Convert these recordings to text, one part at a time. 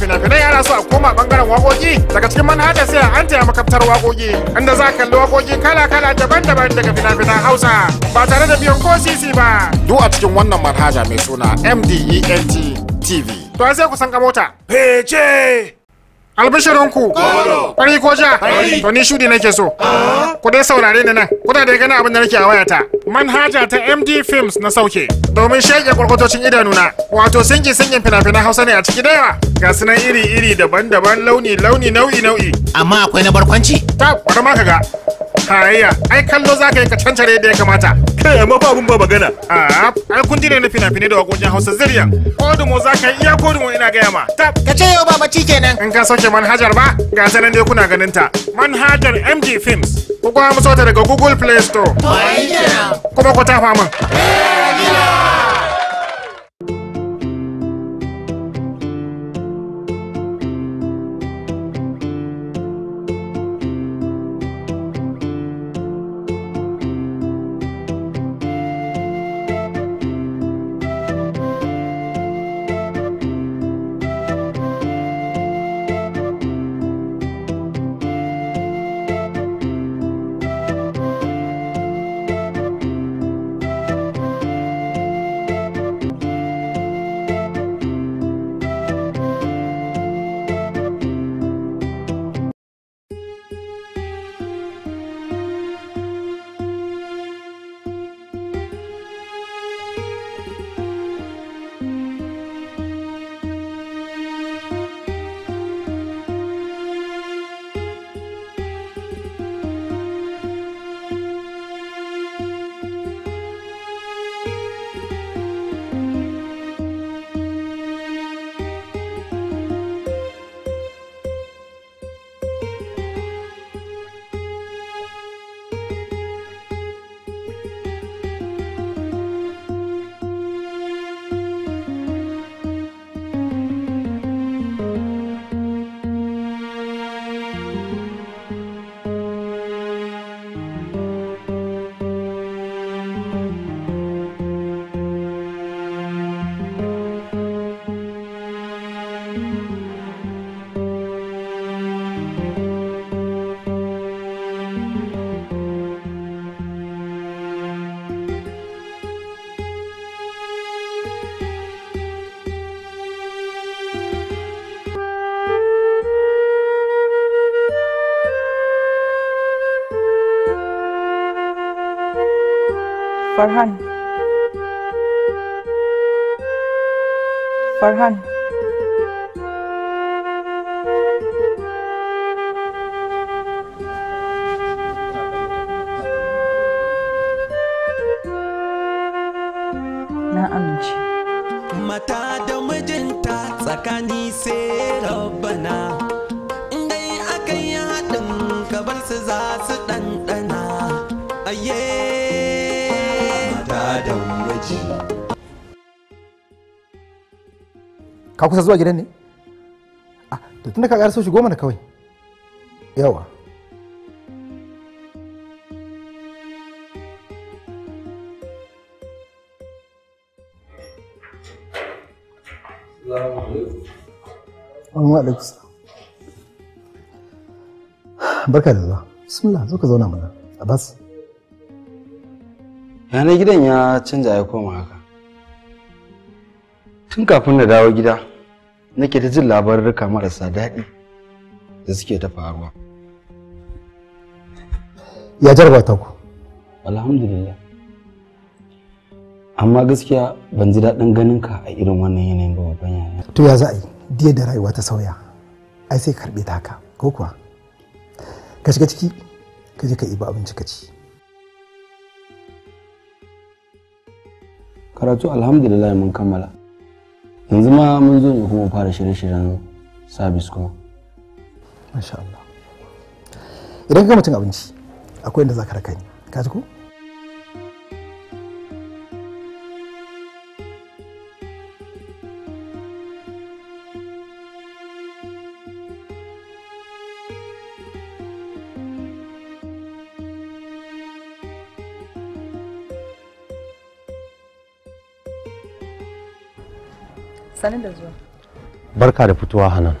fina-finai ana so a koma bangaren wakoki daga cikin manhaja sai an taya makaftar wakoki inda za kalli wakoki kala-kala daban-daban daga fina-finan hausa ba tare da biyan ko sisi ba duk a cikin wannan manhaja mai suna mdent tv to sai ku san ka mota albishirinku fari ko ja to ni shudi nake so ku dai saurare ni nan kuna da gani abin da nake a wayata manhaja ta MD Films na sauke domin shege idanu idanuna wato singin singin fina-finan Hausa ne a ciki dayawa? ga sunan iri-iri daban-daban launi-launi nau'i-nau'i amma akwai na barkwanci ta bari ma kaga tarayya ai kallo za ka yi ka cancare da ya kamata kai amma ba abun ba magana a ah, ai kun ne na fina-finai da wakokin hausa ziryan kodumo za ka yi iya kodumo ina gaya ma ta ka ce yau ba bacci kenan in ka sauke manhajar ba ga sanan dai kuna ganin ta manhajar MD films ku kuma daga google play store 过不过嘉年华吗？Farhan Farhan ka kusa zuwa gidan ne A ah, to tunda ka ƙara shi goma na kawai yawa Barka da zuwa. Bismillah zo ka zauna mana. Abbas. Yanar gidan ya canza ya koma haka. Tun kafin na dawo gida, nake da jin labarurruka marasa daɗi da suke ta faruwa. Ya ta ku? Alhamdulillah. Amma gaskiya ban ji daɗin ganin ka a irin wannan yanayin ba babban yaya. To ya za a yi, diya da rayuwa ta sauya, ai sai karɓe ta haka, ko kuwa? Ka shiga ciki, ka je ka iba abinci ka ci. Karatu alhamdulillah mun kammala. yanzu ma mun zo ne kuma fara shirye-shiryen sabis kuma masha Allah idan ka mutum abinci akwai inda za ka raka ni ka ji ko Sani da zuwa. Barka da fitowa Hanan.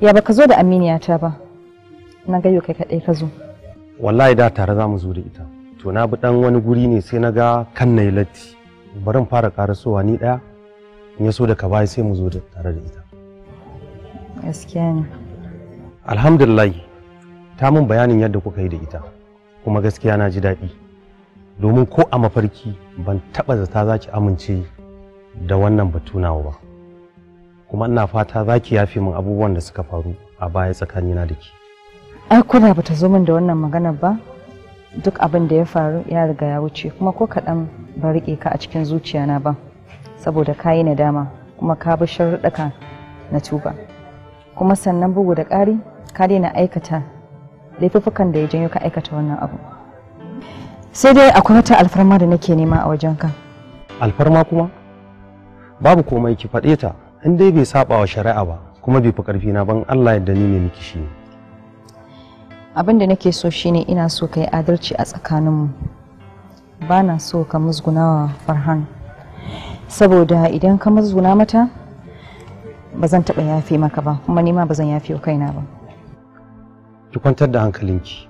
Ya baka zo da Aminiya ta ba. Na gayo kai kaɗai ka zo. Wallahi da tare za mu zo da ita. To na bi ɗan wani guri ne sai na ga kan na yi latti. Barin fara karasowa ni ɗaya. In ya so da ka baya sai mu zo da tare da ita. Gaskiya ne. Alhamdulillah ta min bayanin yadda kuka yi da ita. Kuma gaskiya na ji daɗi. Domin ko a mafarki ban taɓa zata za ki amince da wannan batu nawa ba kuma ina fata za ki yafe min abubuwan da suka faru a baya tsakanina da ke ai kuna bata zo min da wannan maganar ba duk abin da ya faru ya riga ya wuce kuma ko kaɗan ba riƙe ka a cikin zuciyana ba saboda ka yi nadama kuma ka bi sharuɗaka na tuba kuma sannan bugu da ƙari ka daina aikata laifuffukan da ya janyo ka aikata wannan abu sai dai akwai wata alfarma da nake nema a wajenka alfarma kuma babu komai ki faɗe ta in dai bai saba wa shari'a ba kuma bai fi ƙarfi na ban Allah yadda ni ne miki shi abin da nake so shine ina so ka yi adalci a tsakaninmu ba na so ka musgunawa farhan saboda idan ka musguna mata ba zan taɓa yafe maka ba kuma nima ba zan yafe wa kaina ba ki kwantar da hankalinki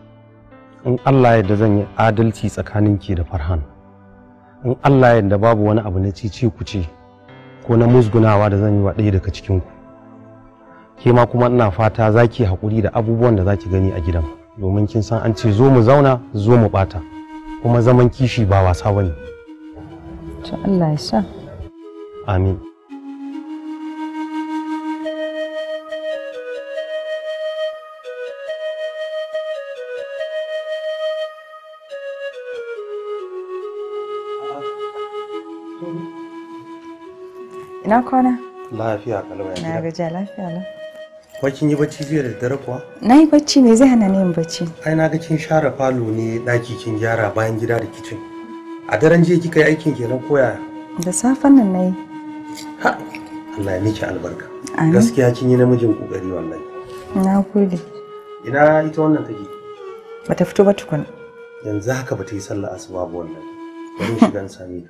in Allah yadda zan yi adalci tsakaninki da farhan in Allah yadda babu wani abu na cici ku ce ko na musgunawa da zan yi wa ɗaya daga cikin ku ke ma kuma ina fata za ki haƙuri da abubuwan da za ki gani a gidan domin kin san an ce zo mu zauna zo mu ɓata kuma zaman kishi ba wasa bane to Allah ya sa amin Ina kwana? Lafiya kalwa ya Na gaja lafiya la. Wai kin yi bacci jiya da dare kuwa? Na yi bacci me zai hana ni yin bacci? Ai na ga kin share falo ne daki kin gyara bayan gida da kicin. A daren jiya kika yi aikin kenan koya? Da safen nan na yi. Ha! Allah ya miki albarka. Gaskiya kin yi namijin kokari wallahi. Na gode. Ina ita wannan take? Bata fito ba tukun. Yanzu haka bata yi sallah asuba ba wannan. Bari shiga in same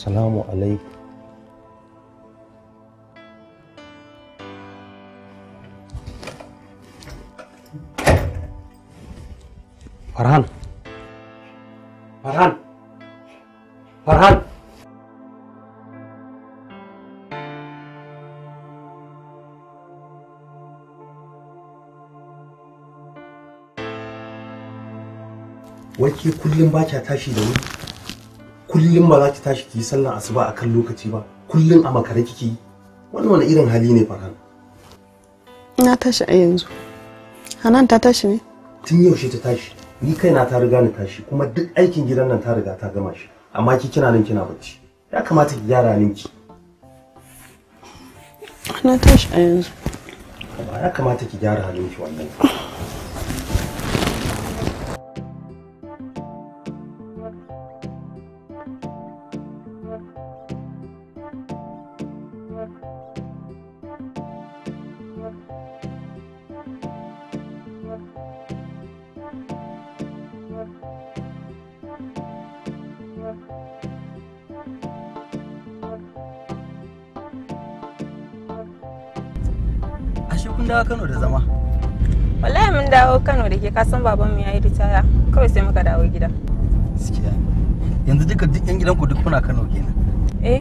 السلام عليكم فرحان فرحان فرحان wace kullum ba ta tashi kullum ba za ki tashi ki yi sallar asuba a kan lokaci ba kullum a makare kike yi wani wani irin hali ne faran na tashi a yanzu hanan ta tashi ne tun yaushe ta tashi ni kaina ta riga ni tashi kuma duk aikin gidan nan ta riga ta gama shi amma ki kina nan kina bacci ya kamata ki gyara ninki na tashi a yanzu ba ya kamata ki gyara ki wannan Kano da zama? Wallahi mun dawo Kano da ke kasan baban ya yi ritaya kawai sai muka dawo gida. Gaskiya. Yanzu duka duk 'yan gidanku duk kuna Kano kenan. Eh.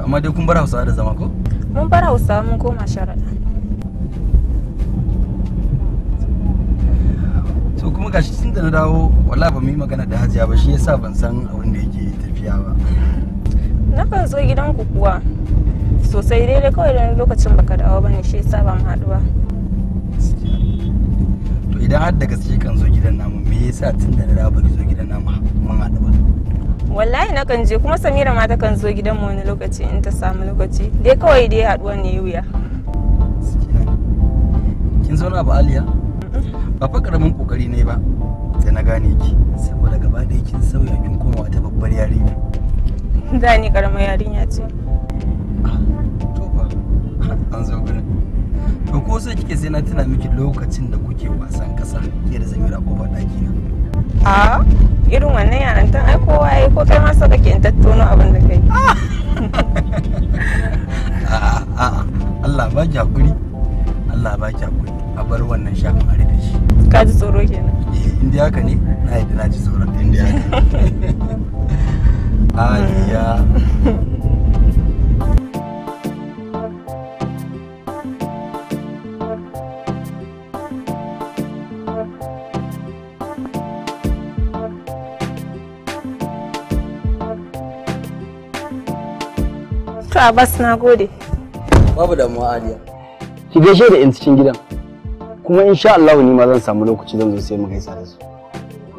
Amma dai kun bar Hausawa da zama ko? Mun bar Hausawa mun koma sharaɗa. to kuma gashi tun da na dawo wala ba mu yi magana da hajiya ba shi yasa ban san abin da yake tafiya ba na kan zo gidanku kuwa sosai dai dai kawai da lokacin baka dawo bane shi yasa mu haduwa to idan har da gaske kan zo gidan namu me yasa tun da na ba zo gidan namu mun haɗu ba wallahi na kan je kuma samira ma ta kan zo gidan mu wani lokaci in ta samu lokaci dai kawai dai haduwa ne wuya kin zauna ba aliya ba fa karamin kokari ne ba da na gane ki saboda gaba ɗaya kin sauya kin koma wata babbar yarinya da ni karamar yarinya ce wasan zogale to ko sai kike sai na tuna miki lokacin da kuke wasan kasa ke da zamira kofar daki na a irin wannan yaran tan ai kowa ai ko kai ma saka ke tattono abin da kai a a Allah ba ki hakuri Allah ba ki hakuri a bar wannan shafin a da shi ka ji tsoro kenan eh inda haka ne na yi na ji tsoro inda haka Aliya a Abbas na gode. Babu damuwa Aliya. Ki gaishe da 'yan cikin gidan. Kuma insha Allah ni ma zan samu lokaci zan zo sai mu gaisa da su.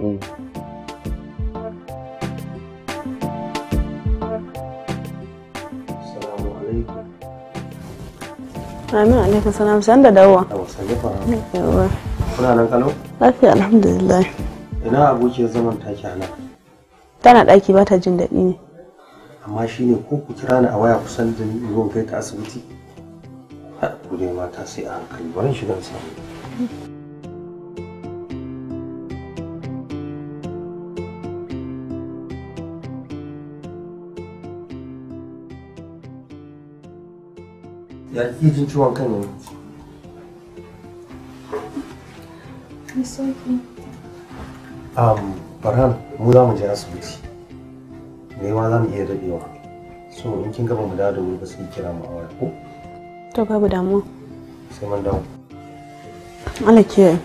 Mm. Amin alaikum salam san da dawowa. Yawa. Kuna nan kano? Lafiya alhamdulillah. Ina abokiyar zaman take a nan. Tana ɗaki ba ta jin daɗi ne. amma shi ne ko ku kira ni a waya kusan da ni zo kai ta asibiti ku dai mata sai a hankali barin shiga samu ya ki jin ciwon kan yanzu Um, Barhan, mu za mu je asibiti. yawa za mu iya daɗewa so in kin gaba mu dawo da wuri ba sai kira mu a waya ko to babu damuwa sai mun dawo Allah ke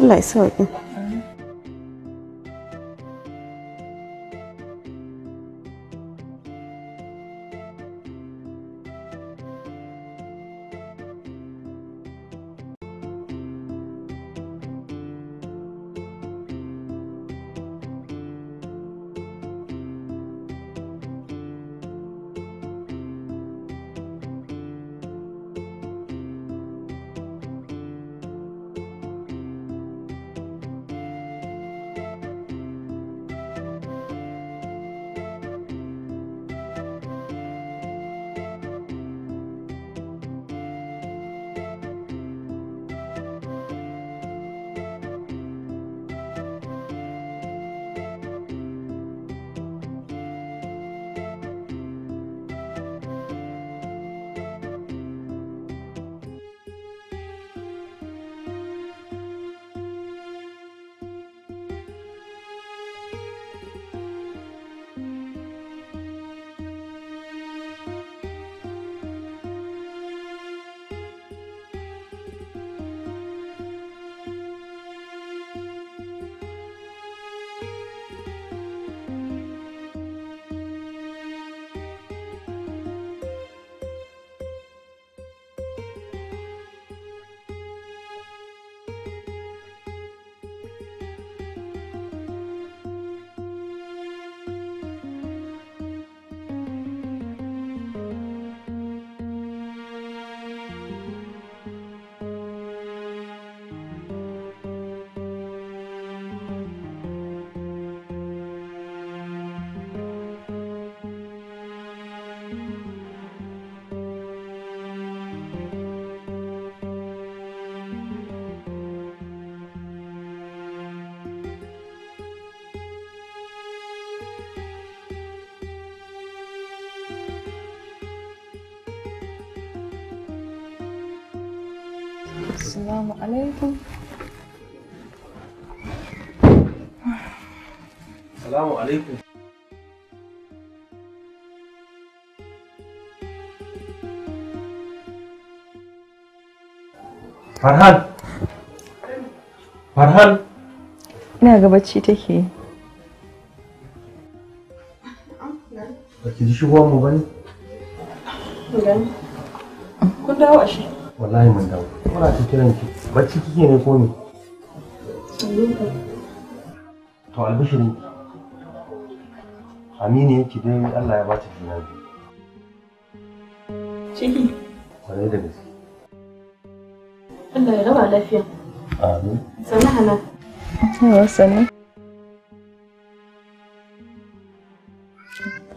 Allah ya sauke. Assalamu alaikum. Assalamu alaikum. Farhan. Farhan. Ina ga bacci take. Ba ki ji shigowar mu bane? Kun dawo ashe. Wallahi mun dawo. Muna cikin kiran ki. bacci kike ne ko ne to albishirin amini yake dai Allah ya ba ta juna biyu ciki kwarai da gaske Allah ya raba lafiya amin sana hana yawa sana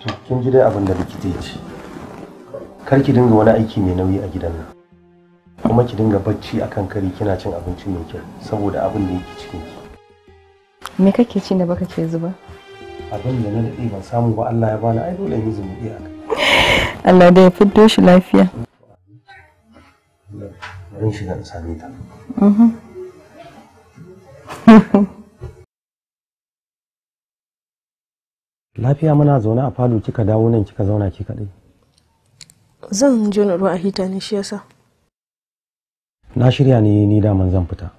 to kin ji dai abin da likita ya ce kar ki dinga wani aiki mai nauyi a gidan nan kuma ki dinga bacci akan kari kina cin abinci mai kyau saboda abin da yake cikin ki me kake ci da baka ke zuba abin da na dade ban samu ba Allah ya bani ai dole ni zumi iya Allah da ya fito shi lafiya bari shi in same ta mhm. lafiya muna zaune a falo kika dawo nan kika zauna ki kadai. zan je na ruwa a hita ne shi yasa na shirya ne ni daman zan fita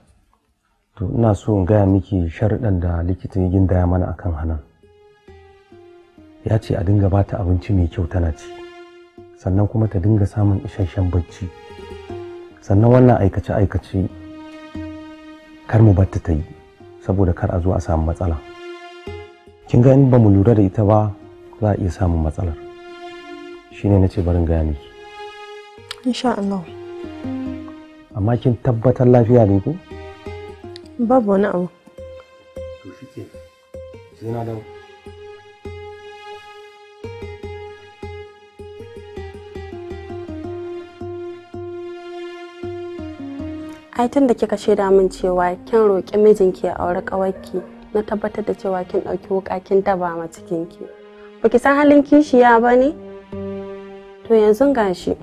to ina so in gaya miki sharuɗan da likita ya mana akan hanan ya ce a dinga bata abinci mai kyau tana ci sannan kuma ta dinga samun isasshen bacci sannan wannan aikace-aikace kar mu batta ta yi saboda kar a zo a samu matsala kin ga in ba mu lura da ita ba za a iya samun matsalar shine na ce barin gaya miki insha Allah amma kin tabbatar lafiya ne ku? babu wani abu to shike sai na dawo ai tun da kika shaida min cewa kin roƙi mijinki ya aure ƙawarki na tabbatar da cewa kin ɗauki wuƙa kin daba ma cikinki ba ki san halin kishiya ba ne to yanzu gashi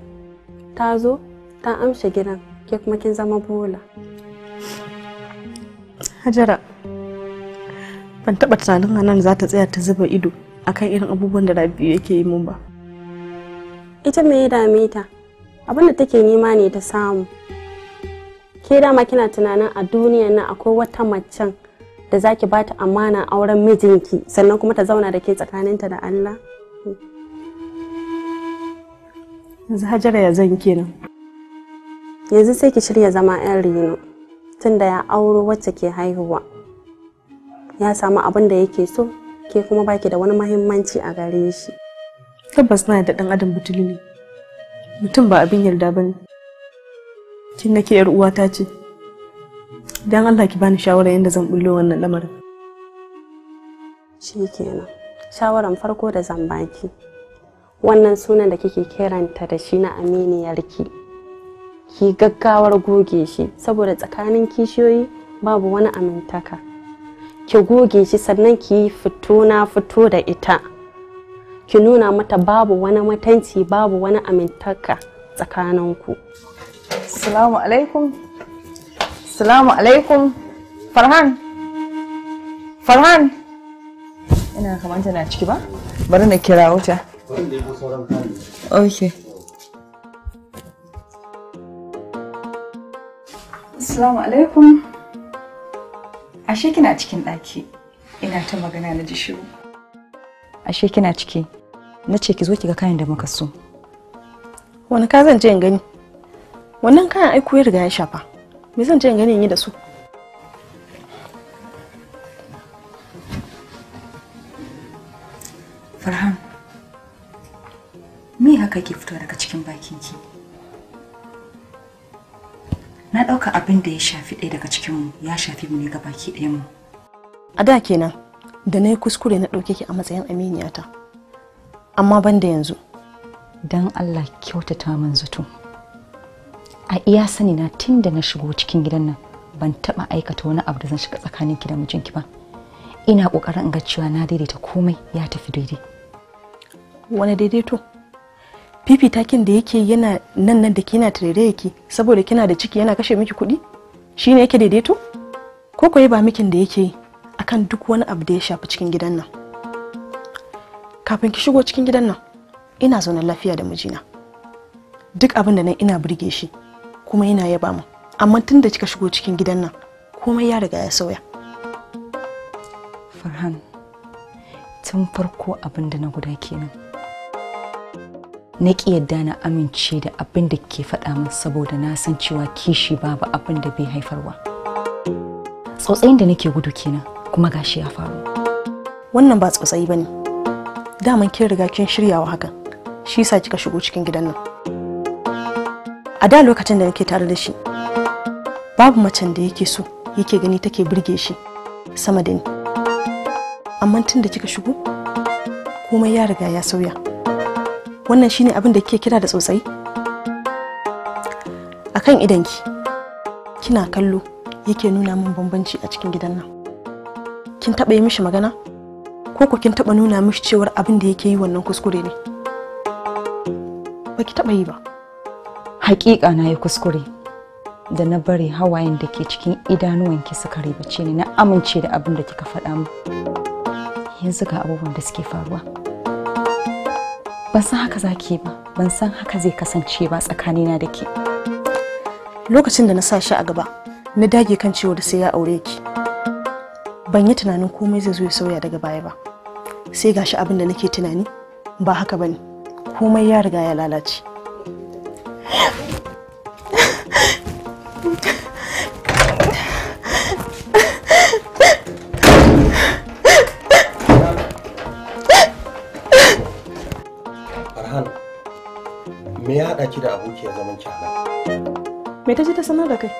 ta zo ta amshe gidan ke kuma kin zama bola hajara ban taɓa tunanin anan za ta tsaya ta zuba ido akan irin abubuwan da rabi'u yake yi mun ba ita me ya dame ta abin da take nema ne ta samu ke dama kina tunanin a duniya nan akwai wata macen da zaki bata amana auren mijinki sannan kuma ta zauna da ke tsakaninta da Allah yanzu hajara ya zan kenan yanzu sai ki shirya zama 'yan reno da ya auro wacce ke haihuwa ya samu abin da yake so ke kuma baki da wani mahimmanci a gare shi tabbas na da dan adam butuli ne mutum ba abin yarda bane kin nake yar uwata ce dan Allah ki bani shawara yadda zan bullo wannan lamarin shikenan shawaran farko da zan baki wannan sunan da kike kiranta da shi na aminiyarki ki gaggawar goge shi saboda tsakanin kishiyoyi babu wani amintaka ki goge shi sannan ki yi fito na fito da ita ki nuna mata babu wani matanci babu wani amintaka tsakaninku salamu alaikum salamu alaikum farhan farhan ina kamar tana ciki ba bari na kira wuta Okay. Assalamu alaikum. Ashe kina cikin ɗaki. Ina ta magana na jishu. shiru. Ashe kina ciki. Na ce ki zo ki ga kayan da muka so. Wani ka zan je in gani? Wannan kayan aiko ya riga ya shafa. Me zan je in gani in yi da su? Farhan, me haka ke fito daga cikin bakin ki? na ɗauka abin da ya shafi ɗaya daga cikinmu ya shafi mu ne gabaki ɗaya mu a da kenan da na yi kuskure na ɗauke ki a matsayin aminiyata amma ban da yanzu don allah kyautata min zato a iya sani na tun da na shigo cikin gidan nan ban taɓa aikata wani abu da zan shiga tsakanin ki da mijinki ba ina ƙoƙarin in ga cewa na daidaita komai ya tafi daidai wani daidaito fifitakin takin da yake yana nan nan da ke yana tare yake saboda kina da ciki yana kashe miki kuɗi shine yake daidaito ko ko ba mikin da yake akan duk wani abu da ya shafi cikin gidan nan kafin ki shigo cikin gidan nan ina zaune lafiya da mijina duk abin da nan ina burge shi kuma yana yaba mu amma tun da kika shigo cikin gidan nan komai ya riga ya sauya farhan tun farko abin da na guda kenan na ki yadda na amince da abin da ke faɗa min saboda na san cewa kishi babu abin da bai haifarwa tsotsayin da nake gudu kenan kuma gashi ya faru wannan ba tsotsayi bane daman kin riga kin shiryawa hakan shi yasa kika shigo cikin gidan nan a da lokacin da nake tare da shi babu macen da yake so yake gani take burge shi sama da ni amma tun da kika shigo komai ya riga ya sauya wannan shine abin da kike kira da tsotsai akan idanki kina kallo yake nuna min bambanci a cikin gidan nan kin taba yi mishi magana ko ku kin taɓa nuna mishi cewar abin da yake yi wannan kuskure ne ba ki taɓa yi ba hakika na yi kuskure da na bari hawayen da ke cikin ki suka ribace ni na amince da abin da kika faɗa mu yanzu ga abubuwan da suke faruwa ban san haka zaki ba ban san haka zai kasance ba tsakanina da ke lokacin da na sa shi a gaba na dage kan cewa da sai ya aure ki ban yi tunanin komai zai zo ya sauya daga baya ba sai gashi abin da nake tunani ba haka ba ne komai ya riga ya lalace haɗa ki da abokiyar zaman ki Me ta ce ta sanar da kai?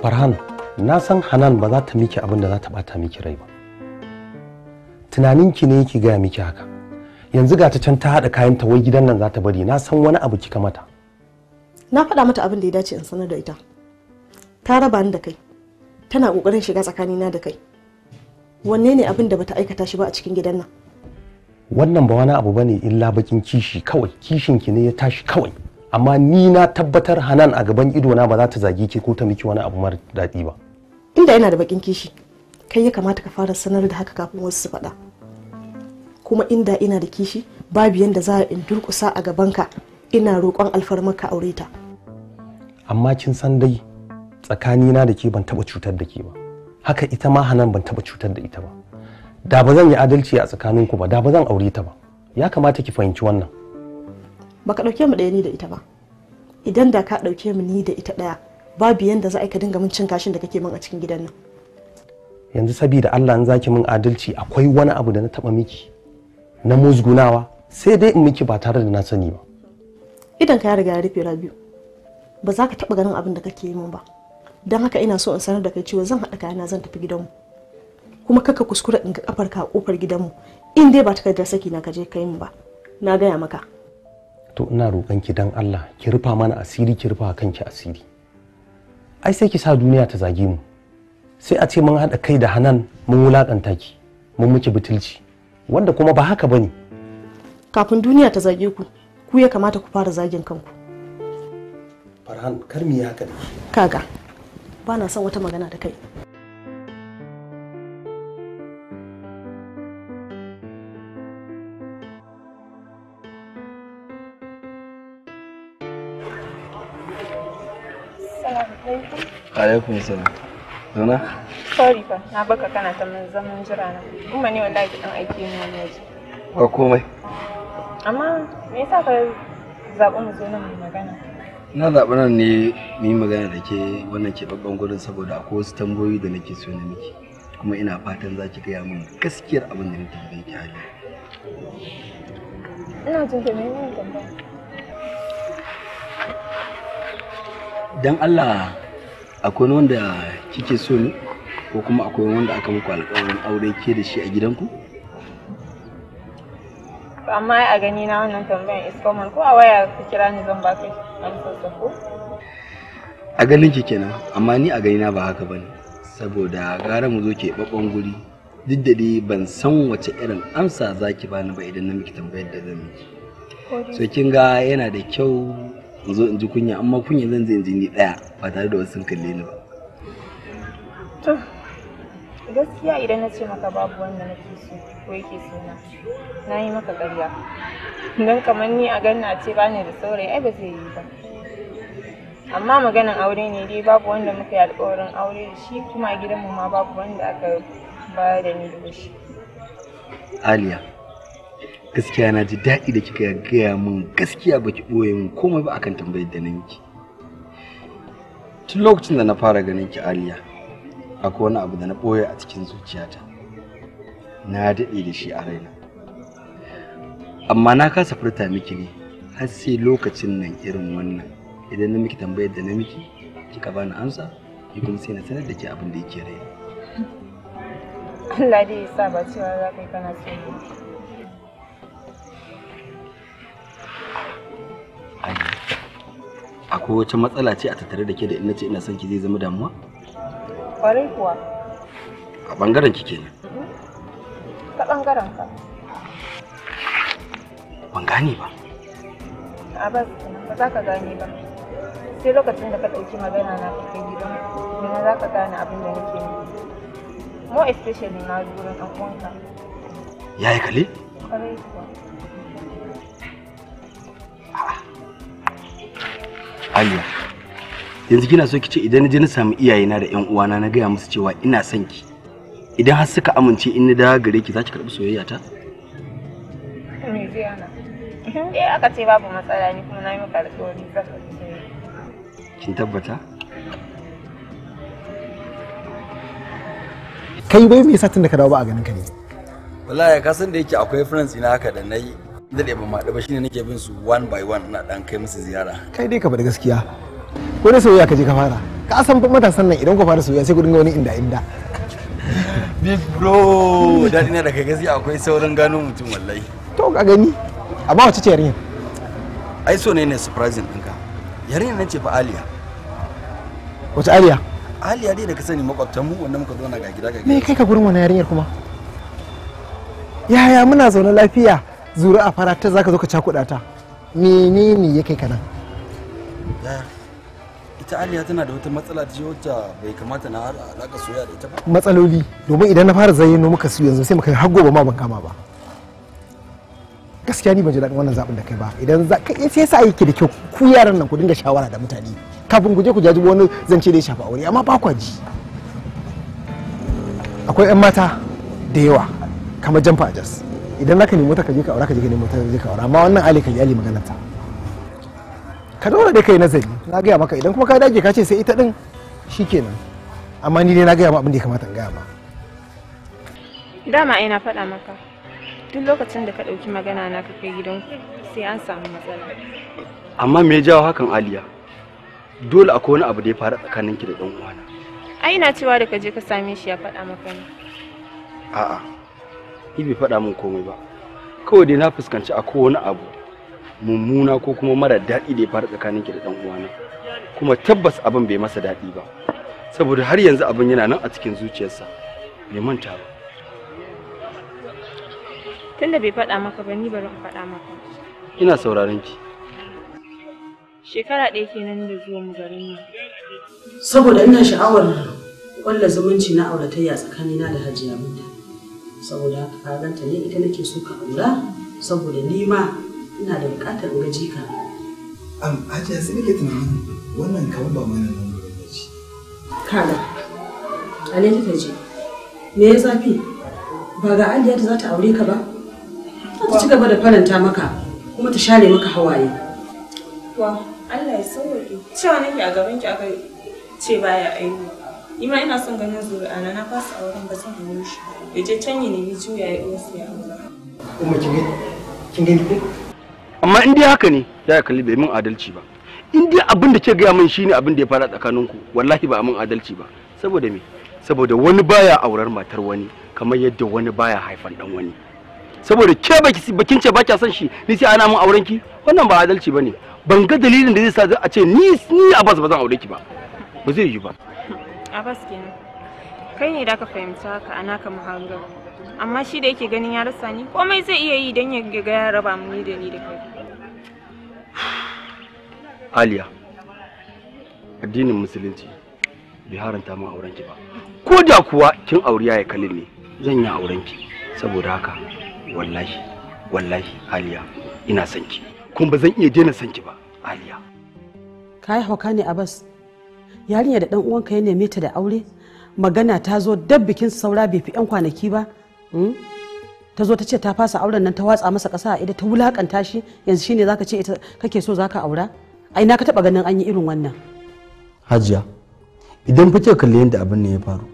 Farhan, na san Hanan ba za ta miki abin da za ta bata miki rai ba. Tunaninki ne yake gaya miki haka. Yanzu ga ta can ta haɗa kayan ta wai gidan nan za ta bari na san wani abu kika mata. Na faɗa mata abin da ya dace in sanar da ita. Ta raba ni da kai. Tana ƙoƙarin shiga tsakanina da kai. Wanne ne abin da bata aikata shi ba a cikin gidan nan? wannan ba wani abu bane illa bakin kishi kawai kishin ki ne ya tashi kawai amma ni na tabbatar hanan a gaban ido na ba za ta zage ki ko ta miki wani abu mara daɗi ba inda yana da bakin kishi kai ya kamata ka fara sanar da haka kafin wasu su faɗa kuma inda ina da kishi babu yanda za a in durƙusa a gaban ka ina roƙon alfarmarka aure ta amma kin san dai tsakanina da ke ban taɓa cutar da ke ba haka ita ma hanan ban taɓa cutar da ita ba da ba zan yi adalci a tsakaninku ba da ba zan aure ta ba ya kamata ki fahimci wannan baka dauke mu ɗaya ni da ita ba idan da ka dauke mu ni da ita ɗaya babu yanda za a ka dinga min cin kashin da kake min a cikin gidan nan yanzu saboda Allah in zaki min adalci akwai wani abu da na taba miki na musgunawa sai dai in miki ba tare da na sani ba idan ka ya riga ya rufe rabiu ba za ka taba ganin abin da kake yi min ba don haka ina so in sanar da kai cewa zan haɗa kayana zan tafi gidanmu kuma kaka kuskura in ga kafar ka a kofar gidanmu in dai ba takardar saki na kaje kai mu ba na gaya maka to ina roƙon ki dan Allah ki rufa mana asiri ki rufa kanki asiri ai sai ki sa duniya ta zage mu sai a ce mun haɗa kai da hanan mun wulakanta ki mun miki butulci wanda kuma ba haka bane kafin duniya ta zage ku ku ya kamata ku fara zagin kanku farhan kar mi ya kaga ba na son wata magana da kai alaikum salam zauna sorry fa na baka kana ta mun zaman jira na kuma ne wanda ake dan aiki ne wani waje ba komai amma me yasa ka zaɓi mu zo nan mu magana na zaɓi nan ne mu yi magana da ke wannan keɓaɓɓen gurin saboda akwai wasu tambayoyi da nake so na miki kuma ina fatan za ki gaya min gaskiyar abin da na tambaye ki hali ina jin da mai tambaya dan Allah akwai wanda kike so ne ko kuma akwai wanda aka muku alƙawarin aure ke da shi a gidanku amma a gani na wannan tambayan is common ko a waya ka kira ni zan baka amsar ta ko a ganin ki kenan amma ni a gani na ba haka bane saboda gara mu zo ke babban guri duk da dai ban san wace irin amsa zaki bani ba idan na miki tambayar da zan miki so kin ga yana da kyau in zo in ji kunya amma kunya zan je in ji ni daya ba tare da wasu kalle ni ba to gaskiya idan na ce maka babu wanda na ke so ko yake so na na yi maka ƙarya don kamar ni a ganna ce ba ni da saurayi ai ba zai yi ba amma maganan aure ne dai babu wanda muka yi alƙawarin aure da shi kuma a gidanmu ma babu wanda aka bayar da ni da shi aliya gaskiya na ji daɗi da kika gaya min gaskiya baki ɓoye min komai ba akan tambayar da nan ki tun lokacin da na fara ganin ki aliya akwai wani abu da na ɓoye a cikin zuciyata na daɗe da shi a raina amma na kasa furta miki ne har sai lokacin nan irin wannan idan na miki tambayar da namiki kika bani amsa ki kuma sai na sanar da ke abin da yake raina Allah dai ya sa ba cewa za ka yi kana so akwai wata matsala ce a tattare da ke da ina ce ina son ki zai zama damuwa? Kwarai kuwa. A bangaren ki kenan. Mm-hmm. Ta bangaren ka. Ban gane ba. A ba ba za ka gane ba. Sai lokacin da ka ɗauki magana na ka kai gidan na za ka gane abin da nake yi. Mo especially na gurin ɗan uwanka. Yaya kale? Kwarai kuwa. A'a. Aliya. Yanzu kina so kice idan je na samu iyayena da ƴan uwana na gaya musu cewa ina son ki. Idan har suka amince in na dawo gare ki za ki karɓi soyayya ta? Me zai hana? Eh aka ce babu matsala ni kuma na yi maka alƙawari Kin tabbata? Kai bai me yasa tun da ka dawo ba a ganin ka ne? Wallahi ka san da yake akwai friends ina haka da nayi daɗe ba maɗa ba shine nake bin su one by one na ɗan kai musu ziyara kai dai ka bada gaskiya Wani soyayya ka je ka fara ka san matasan nan idan ku fara soyayya sai ku dinga wani inda inda big bro daɗi na da kai gaskiya akwai saurin gano mutum wallahi to ka gani a ba wace ce yarinya ai so ne ne surprising ɗinka yarinya nan ce fa aliya wace aliya aliya dai da ka sani makwabtan mu wanda muka na ga gida ga gida me kai ka gurin wannan yarinyar kuma yaya muna zaune lafiya a fara ta zaka zo ka cakuɗa ta menene ya kai kana ita aliya tana da wata matsala ta wacce bai kamata na har alaka soyayya da ita ba matsaloli domin idan na fara zayyano muka su yanzu sai muka har gobe ma ban kama ba gaskiya ni ban ji daɗin wannan zaɓin da kai ba idan za ka sai sa aiki da kyau ku yaran nan ku dinga shawara da mutane kafin ku je ku jajibo wani zance da ya shafi aure amma ba kwa ji akwai 'yan mata da yawa kamar jamfa a jas idan naka nemi ta ka je ka aura ka je ka nemi ta je ka aura amma wannan ali ka ali maganar ta ka dora dai kai nazari na gaya maka idan kuma ka dage ka ce sai ita din shikenan amma ni dai na gaya ma abin da ya kamata in gaya ma dama ai na faɗa maka duk lokacin da ka ɗauki magana na ka kai gidan sai an samu matsala amma me ya jawo hakan aliya dole akwai wani abu da ya faru tsakaninki da ɗan uwana ai na cewa da ka je ka same shi ya faɗa maka ne a'a ni bai faɗa min komai ba kawai dai na fuskanci a wani abu mummuna ko kuma mara daɗi da ya fara tsakanin ki da ɗan uwana kuma tabbas abin bai masa daɗi ba saboda har yanzu abin yana nan a cikin zuciyarsa bai manta ba tunda bai faɗa maka ba ni bari in faɗa maka ina sauraron ki shekara ɗaya kenan da zuwa mu garin nan saboda ina sha'awar kwalla zumunci na auratayya tsakanina da hajiya binta saboda haka ka ganta ne ita nake so ka aura saboda ni ma ina da buƙatar in ga jika am ajiya sai nake tunanin wannan kamar ba mana nan gurin da ci kana ale ta je me ya zafi ba ga Aliya ta za ta aure ka ba ta ci gaba da faranta maka kuma ta share maka hawaye wa Allah ya sauke cewa nake a gaban ki aka ce baya aini ima ina son ganin a na fasa auren ba zan yi shi ya je can ya juya ya iya sai kuma kin gani kin gani ko amma in dai haka ne ya ya kalli bai min adalci ba in dai abin da ke gaya min shine abin da ya fara tsakaninku wallahi ba a min adalci ba saboda me saboda wani baya aurar matar wani kamar yadda wani baya haifan dan wani saboda ke baki bakin ce baki san shi ni sai ana mun auren ki wannan ba adalci bane ban ga dalilin da zai sa a ce ni ni a ba zan aure ki ba ba zai yi ba Abbas kenan. Kai ne da ka fahimci haka a naka muhangar. Amma shi da yake ganin ya rasa ni komai zai iya yi don ya ga ya raba mu ni da ni da kai. Aliya, addinin musulunci bai haranta min auren ki ba. Ko da kuwa kin auri ya kalin ne, zan yi auren ki. Saboda haka, wallahi, wallahi Aliya, ina son ki. Kuma ba zan iya daina son ki ba, Aliya. Kai hauka ne Abbas, yarinya da dan uwanka ya neme ta da aure magana ta zo dab bikin saura bai fi yan kwanaki ba hmm? ta zo ta ce ta fasa auren nan ta watsa masa kasa a ida ta wulakanta shi yanzu shine zaka ce ita kake so zaka aura ai na ka taba ganin an yi irin wannan hajiya idan fa kika kalli yadda abin ne ya faru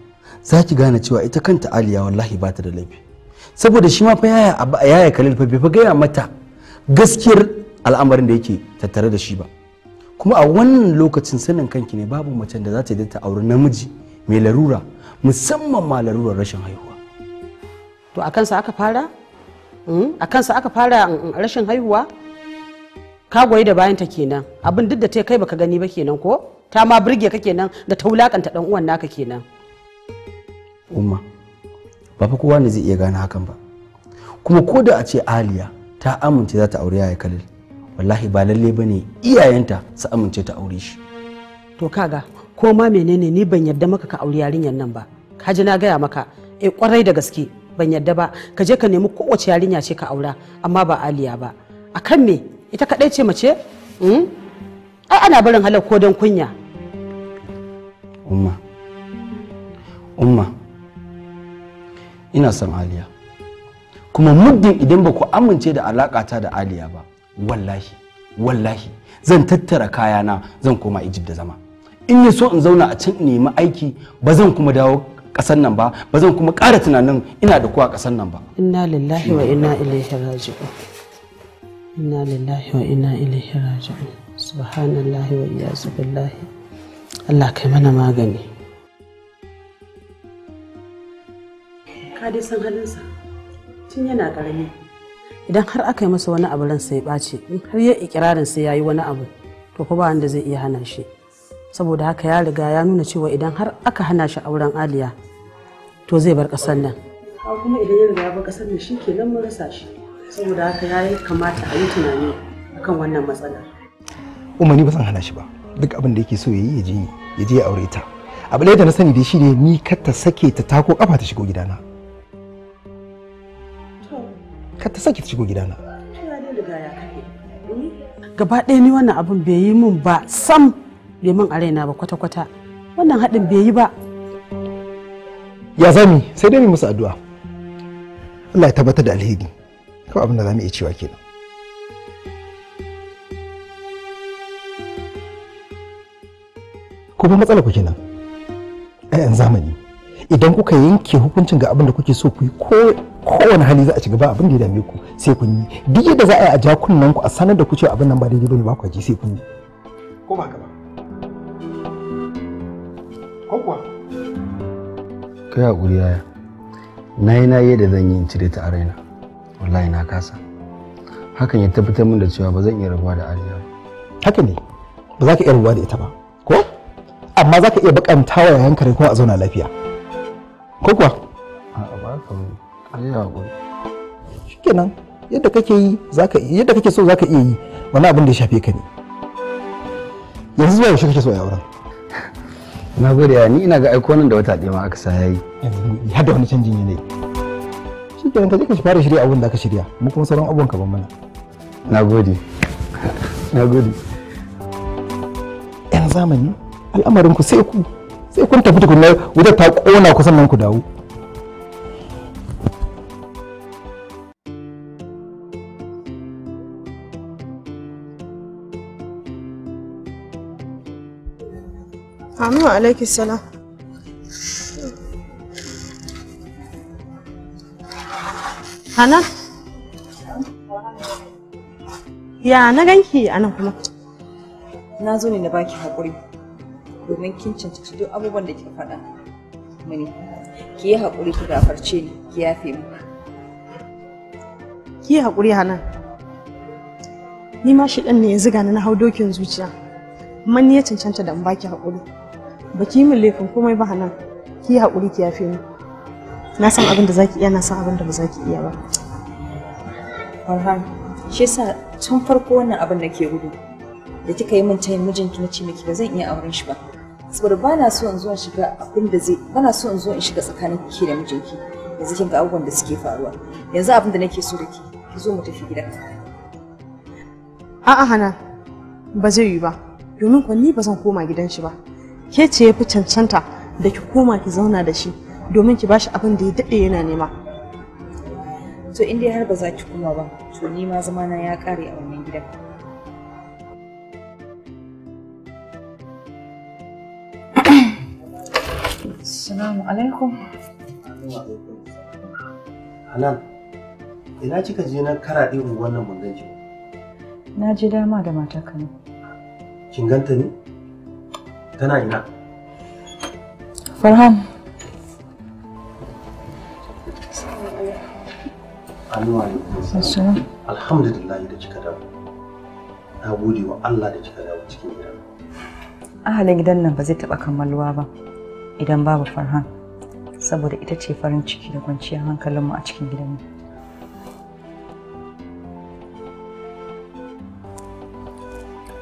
za ki gane cewa ita kanta aliya wallahi ba ta da laifi saboda shi ma fa yaya yaya kalil fa bai fa gaya mata gaskiyar al'amarin da yake tattare da shi ba kuma a wannan lokacin sanin kanki ne babu macen da za ta ta auri namiji mai larura musamman ma larurar rashin haihuwa to a kansa aka fara hmm? a kansa aka fara mm, mm, rashin haihuwa ka goyi da bayanta kenan abin duk da ta kai baka gani ba kenan ko ta ma burge ka kenan da ta wulakanta dan uwan naka kenan umma ba fa kowa ne zai iya gane hakan ba kuma ko da a ce aliya ta amince za ta aure ya kalil wallahi ba lalle ba ne iyayenta su amince ta aure shi to kaga ko ma menene ni ban yarda maka ka auri yarinyar nan ba ka ji na gaya maka eh kwarai da gaske ban yarda ba ka je ka nemi kowace yarinya ce ka aura amma ba aliya ba a kan me ita kadai ce mace hmm? ai ana barin halar ko don kunya umma umma ina son aliya kuma muddin idan ba ku amince da alakata da aliya ba wallahi wallahi zan tattara kayana zan koma egypt da zama in ya so in zauna a can nemi aiki ba zan kuma dawo kasan nan ba ba zan kuma ƙara tunanin ina da kuwa kasan nan ba inna lillahi wa inna ilaihi raji'un inna lillahi wa inna ilaihi raji'un subhanallahi wa iyyazu billahi Allah kai mana magani ka dai san halinsa tun yana ƙarami idan har aka yi masa wani abu ransa ya ɓace in har ya ikirarin sai ya yi wani abu to fa ba wanda zai iya hana shi saboda haka ya riga ya nuna cewa idan har aka hana shi auren aliya to zai bar ƙasar nan kuma idan ya riga ya bar ƙasar nan shi kenan mun rasa shi saboda haka ya yi kamata a yi tunani akan wannan matsalar umarni ba zan hana shi ba duk abin da yake so ya yi ya je ya aure ta abu da na sani da shi ne ni kar ta sake ta tako kafa ta shigo gidana ka ta sake shigo gidana gaba ɗaya ni wannan abun bai yi min ba sam bai min a raina ba kwata-kwata wannan haɗin bai yi ba ya zami sai dai mu musu addu'a Allah ya tabbatar da alheri kawai abin da za mu iya cewa kenan kuma matsala ku kenan a yan zamani idan kuka yanke hukuncin ga abin da kuke so ku yi ko kowane hali za a shiga ba abin da ya dame ku sai kun yi duk yadda za a yi a ja kunnen ku a sanar da ku cewa abin nan ba daidai bane ba ku ji sai kun yi ko ba ka ba ko kuwa kai hakuri yaya na yi na yadda zan yi in cire ta a raina wallahi na kasa hakan ya tabbatar min da cewa ba zan iya rabuwa da ariya haka ne ba za ka iya rabuwa da ita ba ko amma za ka iya bakanta wa yayanka ne kuma a zauna lafiya ko kuwa a'a ba ka a yi haƙuri shikenan yadda kake yi zaka yadda kake so zaka iya yi wani abin da ya shafe ka ne yanzu zuwa yaushe kake so ya auren na gode ya ni ina ga aiko nan da wata ɗaya ma aka sa yi. ya da wani canjin ne. shikenan ka je ka fara shirya abin da ka shirya mu kuma sauran abubuwan ka ban mana na gode na gode yan zamani al'amarin ku sai ku sai kun tafi tukunna wajen ta kona kusan nan ku dawo Amin wa alaiki salam. Hanan? Ya na ganki a nan kuma? Na zo ne na baki hakuri, domin kin cancanci duk abubuwan da kika faɗa mini. Ki yi haƙuri ki gafarce ni ki yafe mu. Ki yi haƙuri hana Ni ma shi ɗan ne ya ziga ni na hau dokin zuciya. Amma ni ya cancanta da in baki haƙuri. Baki min laifin komai ba nan. ki haƙuri ki yafe ni na san abin da zaki iya na san abin da ba zaki iya ba Farhan shi yasa tun farko wannan abin da ke gudu da kika yi min tayin mijinki na ce miki ba zan iya auren shi ba saboda ba na so in zo in shiga abin da zai ba na so in zo in shiga tsakanin ki da mijinki yanzu kin ga abubuwan da suke faruwa yanzu abin da nake so da ki ki zo mu tafi gida a'a hana ba zai yi ba domin kwanni ba zan koma gidan shi ba ke ce ya fi cancanta da ki koma ki zauna da shi domin ki bashi abin da ya daɗe yana nema to in dai har ba za ki koma ba to ni ma zama na ya ƙare a wannan gidan Assalamu alaikum. anan ina kika je na karaɗe ɗin wannan mun ganki. Na je dama da matakan. Kin ganta ne? tana ina farhan alhamdulillah da kika dawo na gode wa Allah da kika dawo cikin gidan ahalin gidan nan ba zai taɓa kammaluwa ba idan babu farhan saboda ita ce farin ciki da kwanciyar hankalinmu a cikin gidan mu.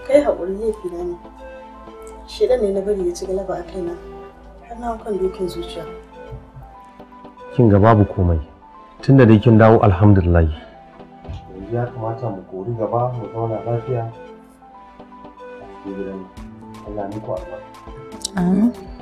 kai haƙuri zai fi ne Shedan ne na bari ya ci galaba a kaina. Har na kan dokin zuciya. Kin ga babu komai. Tunda dai kin dawo alhamdulillah. Yanzu ya kamata mu kori gaba mu zauna lafiya. Allah ni ku albarka. Amin.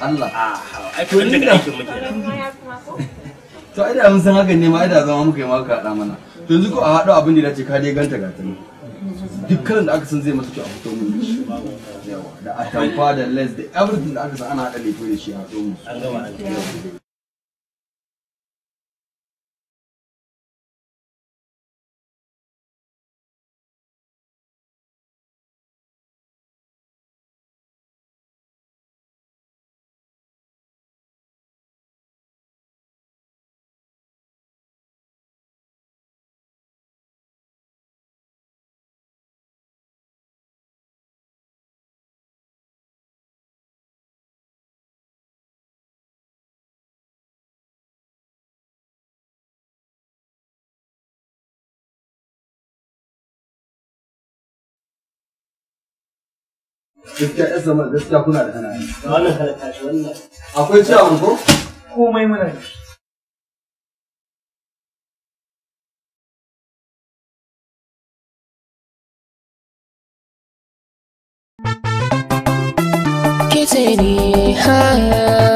Allah ah, to ai da mun san hakan ne ma ai da zama muka yi maka da mana to yanzu ko a haɗo abin da dace ka dai ganta ga tani duk kalan da aka san zai mata kyau a fito mun da atamfa da less da everything da aka san ana haɗa lefe da shi a fito mun gaskiya ɗan zaman gaskiya kuna da hana akwai ciwon ko komai muna da shi Kitty, hi.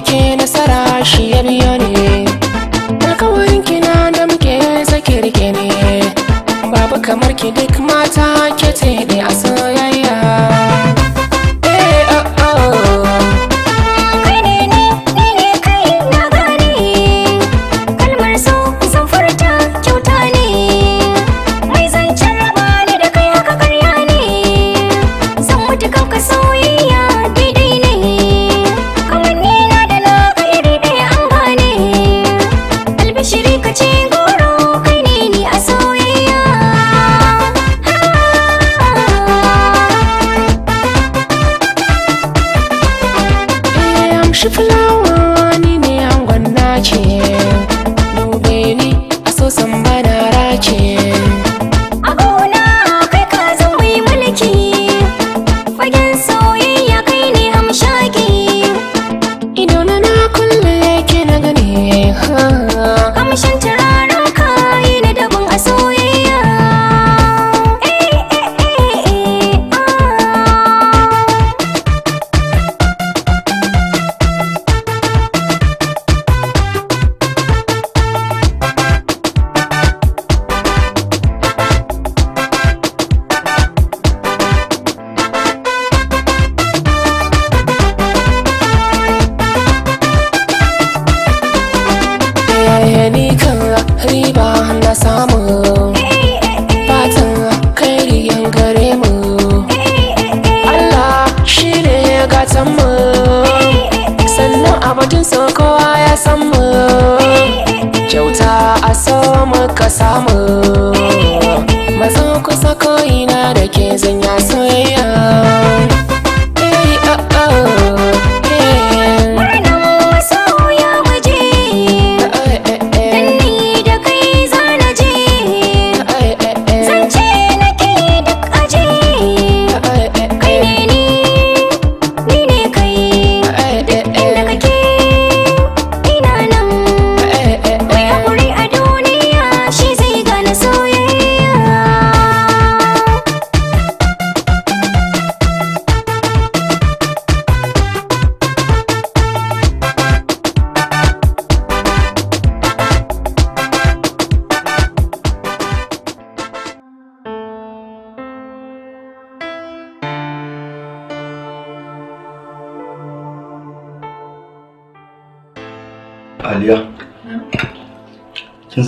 ke nasara shi ya biyo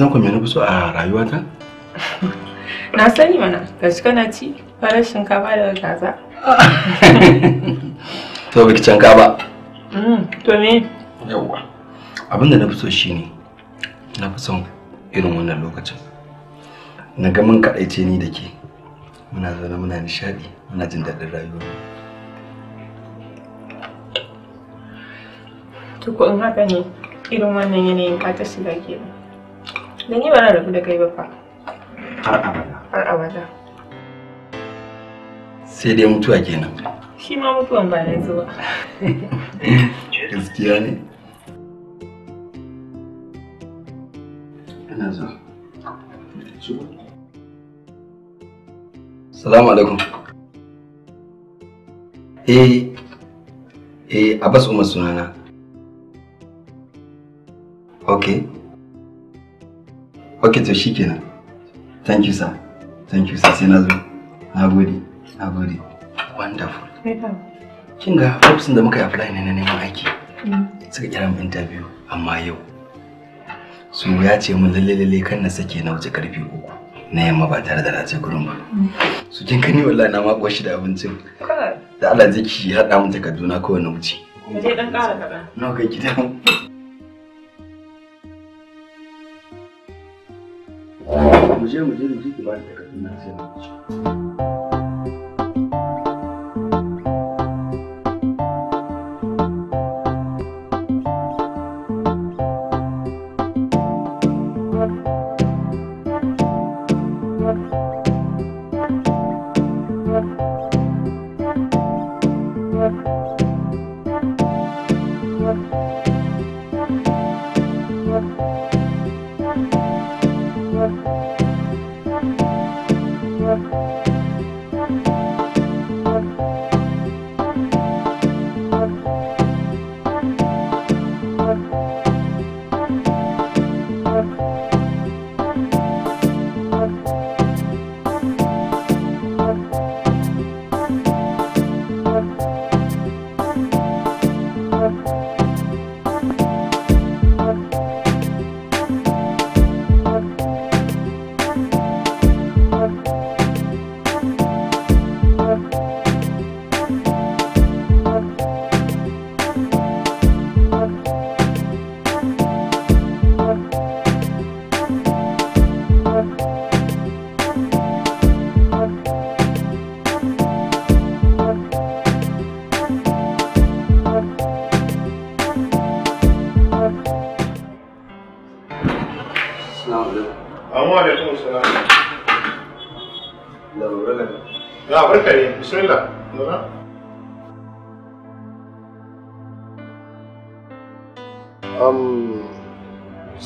san ku me na a rayuwata? Na sani mana, gashi na ci farar shinkafa da kaza. To biki canka ba. Mm, to ne? Yawwa. Abinda na fito shi ne na fi son irin wannan lokacin. Na ga mun kaɗaice ni da ke. Muna zaune muna nishaɗi, muna jin daɗin rayuwa. Tuku in haka ne irin wannan yanayin ka ta shiga kenan. Da ni ba na rabu da kai Har abada. Har abada. Sai mutuwa kenan. si ma mutuwan ba na alaikum. Eh, eh, sunana. Okay. ok to kenan thank you sir thank you sir sai na zo na gode na gode wonderful kin ga ofisin da muka yi apply ne na neman aiki mm. suka kira mu interview amma yau so ya ce mun lalle lalle kan na sake na wuce karfi uku na yamma ba tare da race gurin ba mm. su kin kani wallahi na ma shi da abincin da Allah zai ki hada mun takarduna kawai na wuce je dan ƙara kaɗan nawa kai gidan je mu je mu ji ki ba da takardun nan sai mu ci.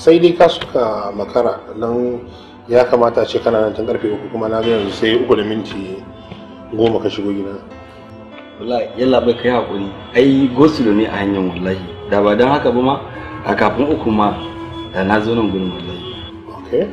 sai dai ka suka makara nan ya kamata ce kana nan tun karfe uku kuma na ga yanzu sai uku da minti goma ka shigo gida wallahi yalla bai kai hakuri ai gosulo ne a hanyar wallahi da ba dan haka ba ma a kafin uku ma da na zo nan gurin wallahi okay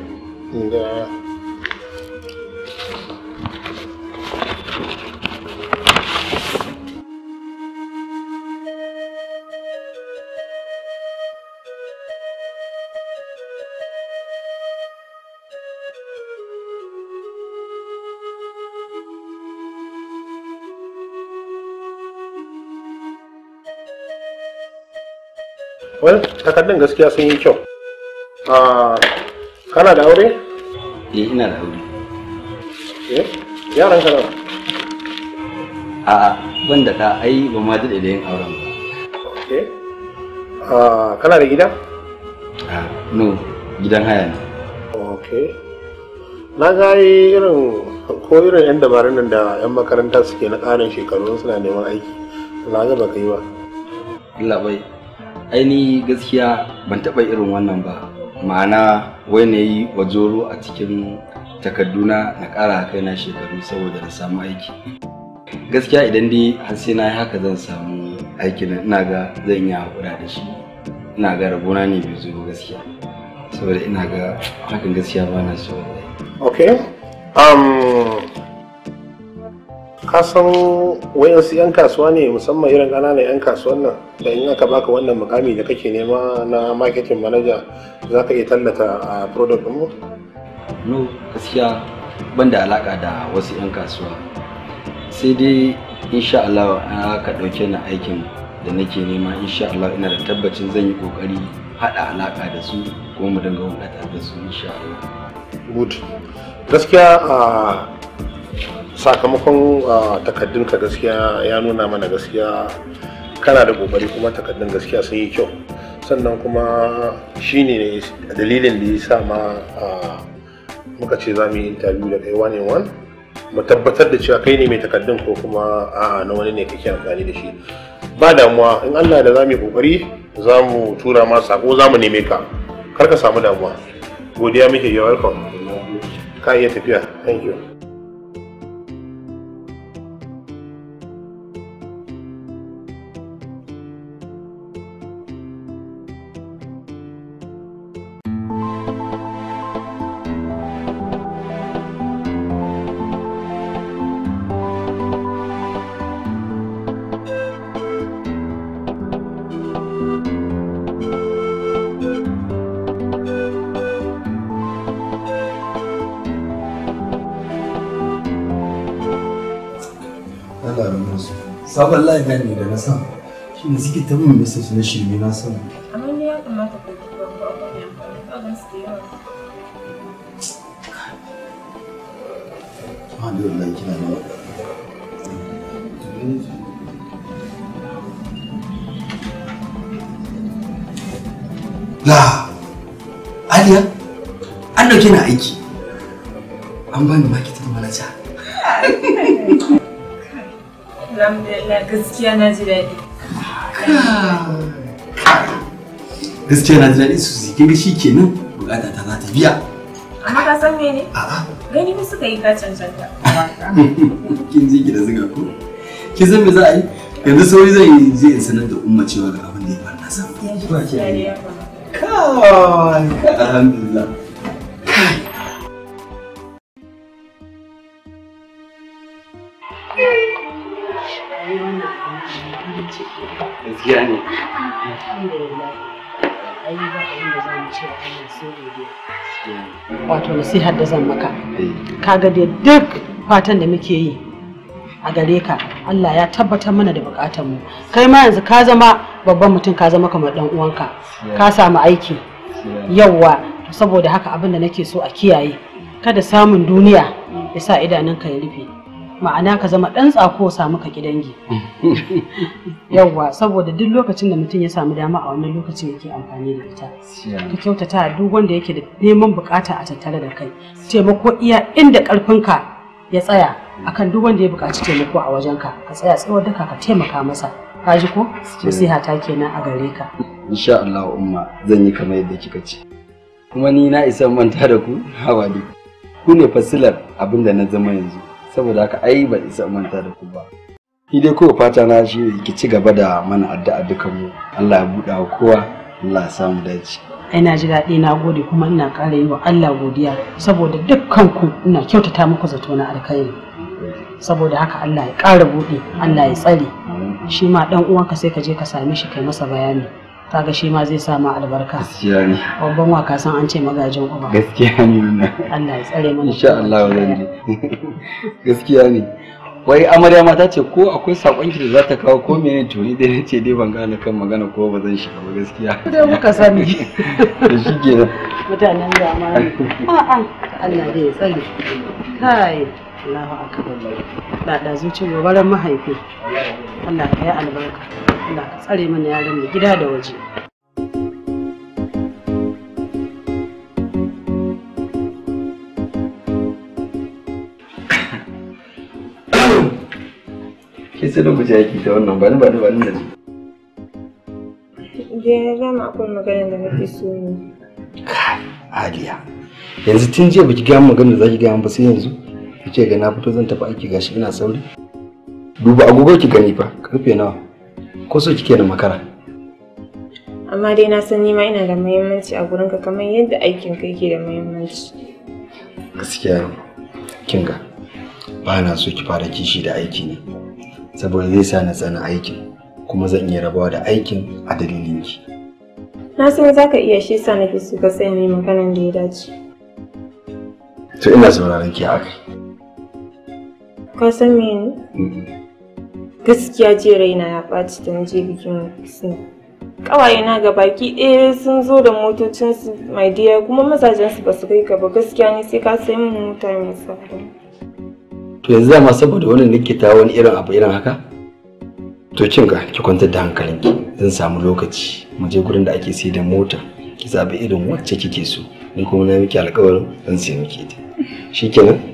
wani takardun gaskiya sun yi kyau ah, kana da aure? eh ina da aure eh yaran ka nawa a ah, ban da ta ai ba ma daɗe da yin auren ba eh ah, kana da gida? a no gidan haya ne ok na ga irin ko irin yan dabarun nan da yan makaranta suke na ƙarin shekaru suna neman aiki na ga baka yi ba Allah bai aini gaskiya ban taɓa irin wannan ba ma'ana wai na yi wajoro a cikin takarduna na ƙara kai na shekaru saboda na samu aiki gaskiya idan dai har sai na yi haka zan samu aikin ina ga zan yi haƙura da shi ina ga rabona ne bai zo gaskiya saboda ina ga hakan gaskiya ba na so ok um, Ka san wayansu 'yan kasuwa ne musamman irin ƙananan 'yan kasuwan nan da in aka baka wannan mukami da kake nema na marketing manager za ka iya tallata a product mu? no gaskiya ban da alaƙa da wasu 'yan kasuwa sai dai insha Allah ka ɗauke na aikin da nake nema insha Allah ina da tabbacin zan yi ƙoƙari haɗa alaƙa da su kuma mu dinga hulɗa da su insha Allah. good gaskiya a sakamakon ka gaskiya ya nuna mana gaskiya kana da kokari kuma takaddun gaskiya sun yi kyau sannan kuma shine dalilin da ya sa ma muka ce za mu yi interview da kai one in one mu tabbatar da cewa kai ne mai takaddun ko kuma a'a na wani ne kake amfani da shi ba damuwa in Allah da za mu yi kokari za mu tura ma sako za mu neme ka kar ka samu damuwa godiya muke you're welcome ka iya tafiya thank you sabon lafiya ne da na samu shi ne suke ta min message na shirme na samu Gaskiya na ji daɗi. Gaskiya na ji daɗi su kin shi kenan bukata ta za ta biya. Amma ka san me ne? A'a. Gani ba suka yi ka cancanta. Kin ji ki da zuga ko? Ki san me za a yi? Yanzu sauri zan yi zai in sanar da umma cewa ga abin da ya faru na san. Kai. Alhamdulillah. wato nasihar da zan maka kaga da duk fatan da muke yi a gare ka Allah ya tabbatar mana da bukatar mu kai ma yanzu ka zama babban mutum ka zama kamar dan uwanka ka samu aiki yawwa saboda haka abin da nake so a kiyaye kada samun duniya ya sa idanunka ya rufe ma'ana ka zama ɗan tsako samu ka gidange yawwa saboda duk lokacin da mutum ya samu dama a wannan lokacin yake amfani da ita ka kyautata duk wanda yake da neman bukata a tattare da kai taimako iya inda ƙarfinka ya tsaya akan duk wanda ya bukaci taimako a wajen ka tsaya tsawon daka ka taimaka masa ka ji ko nasiha ta kenan a gare ka insha Allah umma zan yi kamar yadda kika ce kuma ni na isa manta da ku hawali ku ne fasilar abinda na zama yanzu saboda haka ai ba isa manta da ku ba ni dai kowa fata na shi ki ci gaba da mana addu'a dukan mu Allah ya buɗa wa kowa Allah ya samu dace ai na ji daɗi na gode kuma ina ƙara yi wa Allah godiya saboda dukkan ku ina kyautata muku zato na alkhairi saboda haka Allah ya ƙara buɗe Allah ya tsare shi ma ɗan uwanka sai ka je ka same shi kai masa bayani kaga shi ma zai sa samu albarka gaskiya ne babban waka san an ce magajin uba gaskiya ne wannan Allah ya tsare mana insha Allah wannan je gaskiya ne wai amarya ma ta ce ko akwai sakon ki da za ta kawo ko menene to ni dai ce dai ban gane kan magana ko ba zan shiga ba gaskiya dai muka sani da shi kenan mutanen da a a Allah dai ya tsare kai Allahu akbar da da gobaran mahaifi Allah ka yi albarka Allah ka tsare mana yaran mu gida da waje Ki sai da guje yaki da wannan bani bani bani da ji. Je dama akwai magana da nake so ne. Kai, Aliya. Yanzu tun jiya baki ga magana da zaki ga ba sai yanzu. kike ga na fito zan tafi aiki gashi ina sauri duba agogo ki gani fa karfe nawa ko so kike da makara amma dai na san nima ina da muhimmanci a gurinka kamar yadda aikin ka yake da muhimmanci gaskiya kinga ba na so ki fara kishi da aiki ne saboda zai sa na tsana aikin kuma zan iya rabawa da aikin a dalilinki na san za ka iya shi sa fi so ka sai ne maganan da ya dace to ina sauraron ki kai Ka san me Gaskiya jiya raina ya ɓaci da je bikin Snow. Ƙawaye na ga baki ɗaya sun zo da motocinsu mai diya kuma mazajensu ba su kai ka ba gaskiya ne sai ka sai mun mota mai tsada. To yanzu dama saboda wani likita wani irin abu irin haka? To kin ga ki kwantar da hankalinki zan samu lokaci mu je gurin da ake sai da mota ki zaɓi irin wacce kike so ni kuma na miki alƙawarin zan sai miki ita. Shikenan?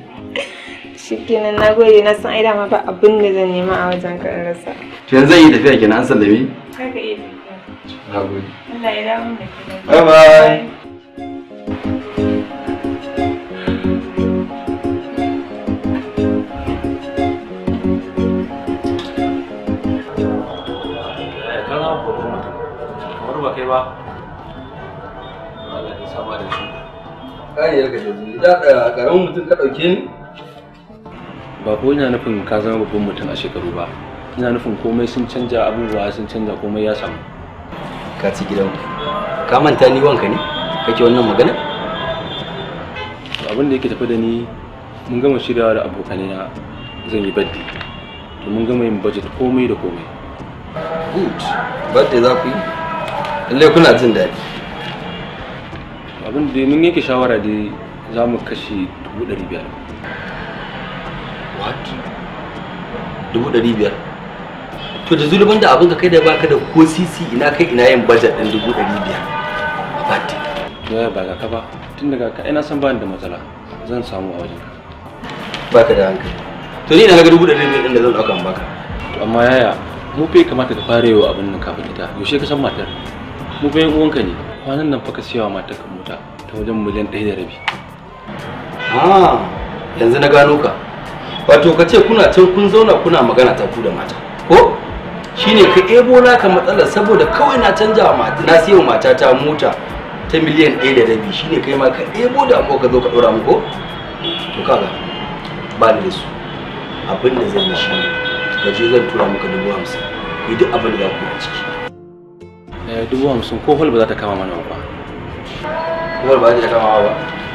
shikenan na gode na san aida ma ba abin da zan nema a wajen ka in rasa to yanzu zan yi tafiya kenan an sallame haka ka na gode Allah ya dawo da kai bye bye eh, ba Allah ya sama da shi kai ya gaje da karamin mutum ka ɗauke ni ba ko ina nufin ka zama babban mutum a shekaru ba ina nufin komai sun canja abubuwa sun canja komai ya samu ka ci gidan ka manta ni wanka ne kake wannan magana abin da yake tafi da ni mun gama shiryawa da abokan na zan yi baddi to mun gama yin budget komai da komai good baddi za ku yi lalle kuna jin daɗi abin da mun yanke shawara dai za mu kashe dubu ɗari biyar what dubu ɗari biyar to da zulubin da ka kai da baka da ko sisi ina kai ina yin budget ɗin dubu ɗari biyar bati ba ba ga ka ba tun daga ka ina san bani da matsala zan samu a wajen baka da hankali to ni ina ga dubu ɗari biyar ɗin da zan ɗauka in baka to amma yaya mu fa kamata ka fara yawa abin nan kafin ita yaushe ka san matar mu fa yan uwanka ne kwanan nan fa ka siya wa matar ka mota ta wajen miliyan ɗaya da rabi ah yanzu na gano ka wato ka ce kuna can kun zauna kuna magana ta ku da mata ko shine ka ebo naka matsala saboda kawai na canja wa mata na siyo mata ta mota ta miliyan ɗaya da rabi shine kai ma ka ebo da ko ka zo ka mu ko. to kaga ba ni da su abin da zan yi shi ka je zan tura muka dubu hamsin ku yi duk abin da za ku a ciki eh, dubu hamsin ko hol ba za ta kama mana ba ko hol ba za ta kama ba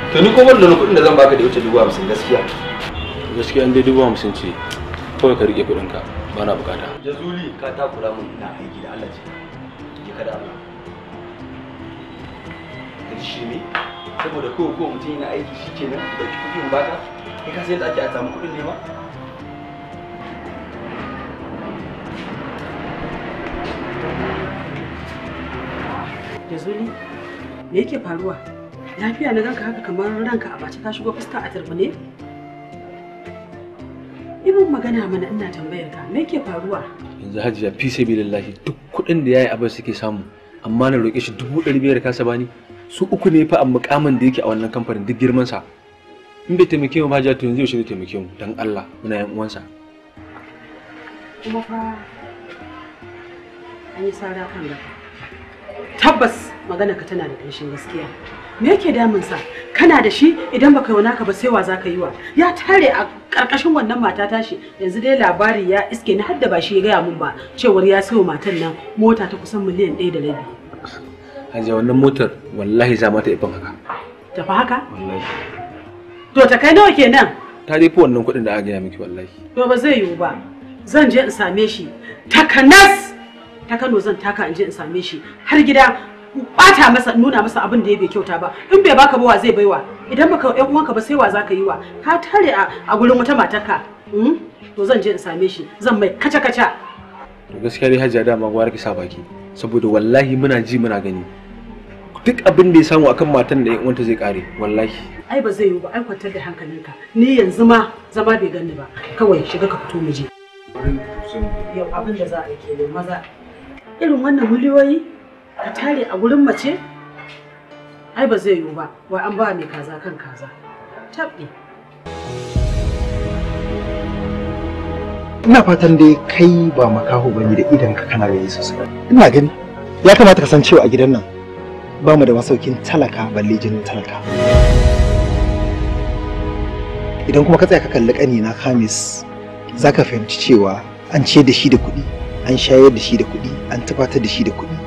to ni ko hol da kuɗin da zan baka da wuce dubu hamsin gaskiya gaskiya dai dubu hamsin ce kawai ka rike kuɗinka ba na bukata jazuli ka ta. kula mun ina aiki da Allah ce je ka da Allah ka shi ne saboda ko ko mutum yana aiki shi kenan da kuɗin baka kai ka sai da ake a samu kuɗin ne ma Jazuli me yake faruwa lafiya na ganka haka kamar ranka a bace ka shigo fuska a turbine Ibin magana mana ina tambayar ka me ke faruwa? Yanzu Hajiya fi sabilillahi duk kuɗin da yayi abin suke samu amma na roƙe shi dubu ɗari biyar kasa bani su uku ne fa a mukamin da yake a wannan kamfanin duk girman sa. In bai taimake mu Hajiya to yanzu yaushe zai taimake mu dan Allah muna yan uwansa. Kuma fa an yi sara kan gaba. Tabbas magana ka tana da ƙarshen gaskiya. me yake sa kana da shi idan baka yi naka ba sai wa zaka yi wa ya tare a karkashin wannan mata tashi yanzu dai labari ya iske ni hadda ba shi ya gaya min ba cewar ya sayo matan nan mota ta kusan miliyan ɗaya da rabi hajiya wannan motar wallahi za mata ifan haka tafi haka wallahi to ta kai nawa kenan ta dai wannan kuɗin da aka gaya miki wallahi to ba zai yiwu ba zan je in same shi takanas ta Kano zan taka in je in same shi har gida bata masa nuna masa abin da ya bai kyauta ba in bai baka ba wa zai baiwa idan baka yan uwanka ba sai wa zaka yi wa ka tare a gurin wata matarka hmm? to zan je in same shi zan mai kaca kaca gaskiya dai hajiya dama gwara ki sa baki saboda wallahi muna ji muna gani duk abin da ya samu akan matan da yan zai kare wallahi ai ba zai yi ba ai kwantar da hankalinka ni yanzu ma zama bai gani ba kawai shiga ka fito mu je yau abin da za a yi kenan maza irin wannan miliyoyi ka tare a gurin mace ai ba zai yiwu ba wai an ba mai kaza kan kaza tabbi ina fatan dai kai ba makaho bane da idan ka kana gani sosai ina gani ya kamata ka san cewa a gidan nan ba mu da masaukin talaka balle jinin talaka idan kuma ka tsaya ka kalli na kamis za ka fahimci cewa an ce da shi da kuɗi an shayar da shi da kuɗi an tafata da shi da kuɗi